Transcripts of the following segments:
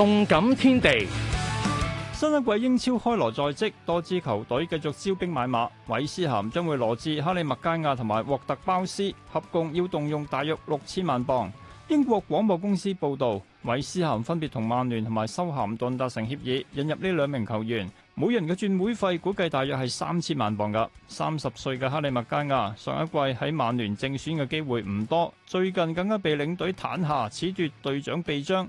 動感天地，新一季英超開鑼在即，多支球隊繼續招兵買馬。韋斯咸將會羅致哈利麥佳亞同埋獲特包斯，合共要動用大約六千萬磅。英國廣播公司報道，韋斯咸分別同曼聯同埋修咸頓達成協議，引入呢兩名球員，每人嘅轉會費估計大約係三千萬磅噶。三十歲嘅哈利麥佳亞上一季喺曼聯正選嘅機會唔多，最近更加被領隊彈下，褫奪隊長臂章。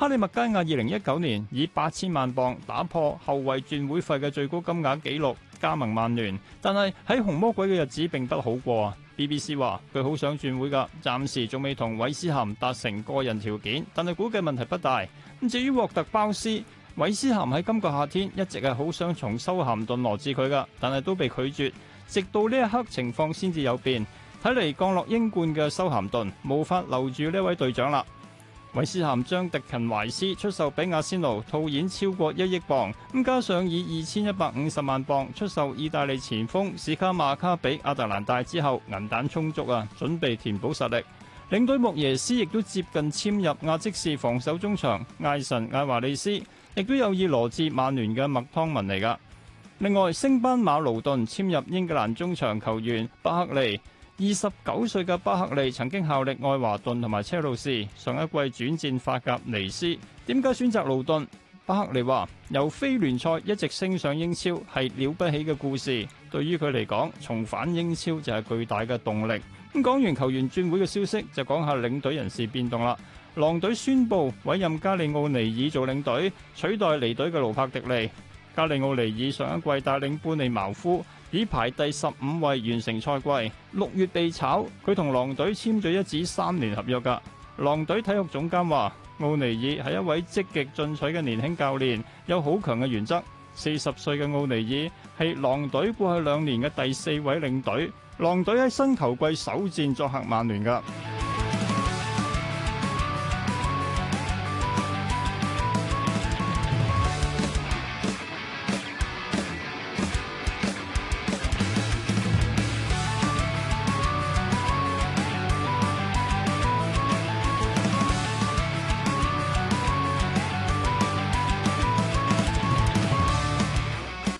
哈利麥加亞二零一九年以八千萬鎊打破後衛轉會費嘅最高金額紀錄加盟曼聯，但係喺紅魔鬼嘅日子並不好過。BBC 話佢好想轉會噶，暫時仲未同韋斯咸達成個人條件，但係估計問題不大。咁至於獲特包斯，韋斯咸喺今個夏天一直係好想從修咸頓羅致佢噶，但係都被拒絕。直到呢一刻情況先至有變，睇嚟降落英冠嘅修咸頓無法留住呢位隊長啦。韋斯咸將迪勤懷斯出售俾阿仙奴，套現超過一億鎊，咁加上以二千一百五十萬鎊出售意大利前鋒史卡馬卡俾亞特蘭大之後，銀彈充足啊，準備填補實力。領隊莫耶斯亦都接近簽入阿積士防守中場艾神艾華利斯，亦都有意羅致曼聯嘅麥湯文嚟㗎。另外，升班馬勞頓簽入英格蘭中場球員巴克利。二十九歲嘅巴克利曾經效力愛華頓同埋車路士，上一季轉戰法甲尼斯。點解選擇盧頓？巴克利話，由非聯賽一直升上英超係了不起嘅故事，對於佢嚟講，重返英超就係巨大嘅動力。咁講完球員轉會嘅消息，就講下領隊人事變動啦。狼隊宣布委任加利奧尼爾做領隊，取代離隊嘅盧柏迪尼。加利奧尼爾上一季帶領般尼茅夫。已排第十五位完成賽季，六月被炒。佢同狼隊簽咗一紙三年合約噶。狼隊體育總監話：奧尼爾係一位積極進取嘅年輕教練，有好強嘅原則。四十歲嘅奧尼爾係狼隊過去兩年嘅第四位領隊。狼隊喺新球季首戰作客曼聯噶。